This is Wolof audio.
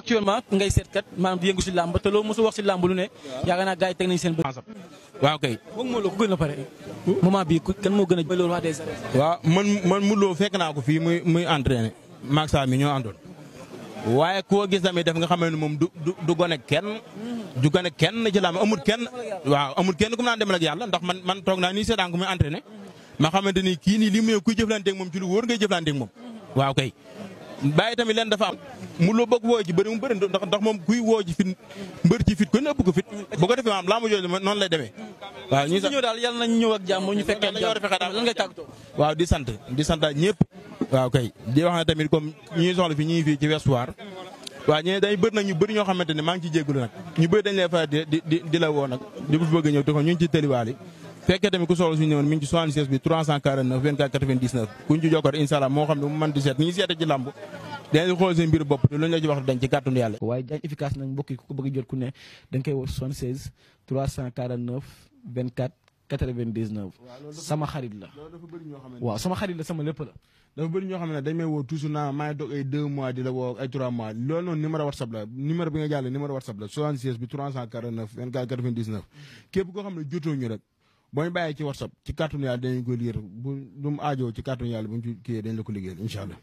actuellement ngay seet kat maanaam di yëngu si làmb te loo mosu wax si làmb lu ne yaakaar naa gars yi teg seen bët. waaw kay. moom moo loo ko gën a pare moment bii kan moo gën a. loolu wax des waaw man man fekk naa ko fii muy muy entraîné maag saa mi ñoo àndoon waaye koo gis tamit def nga xam ne moom du du du gone kenn. du gone kenn ci làmb amul kenn. waaw amul kenn ku mu naan demal ak ndax man man toog naa nii seetaan ko muy entraîné ma xamante ni kii nii li muy kuy jëflanteeg moom ci lu wóor ngay jëflanteeg moom waaw kay bàyyi tamit leen dafa am mu loo bokk woo ji bëri mu bëri ndax ndax moom kuy woo ji fit mbër ci fit ko ëpp ko fit bu ko defee maam laa ma jooju noonu lay demee waaw ñu ñëw daal yàlla nañ ñëw ak jàmm ñu fekkee lan ngay tàggatoo waaw di sant di sant ñëpp waaw kay di wax ne tamit comme ñuy fi ñuy fii ci westuwaar waaw ñene dañu bëri nag ñu bëri ñoo xamante ne maa ngi ci jéggulu nag ñu bëri dañ lay di di di la woo nag di bëgg ñëw te ñu ngi ci tëliwaal yi fekkee tamit ku soxla suñu numéro mi ngi ci 76 bi 349 24 99 ku ñu ci jokkoo incha allah moo xam ne mu mën di seet ni ñu seete ci làmb dinañ xool seen mbir bopp te luñ wax dañ ci kàttanu yàlla. waaye Diagne efficace nag mbokk ku ko bëgg jot ku ne da nga koy woo 76 349 24 99. sama xarit la waaw sama xarit la sama lépp la. dafa bëri ñoo xam ne dañ may woo toujours naa maa boo ñu bàyyee ci whatsapp ci kàttanu yàlla dañu ko liir bu lu mu aajoo ci kàttanu yàlla bu ñu ci kiyee dañ la ko liggéeyal incha allah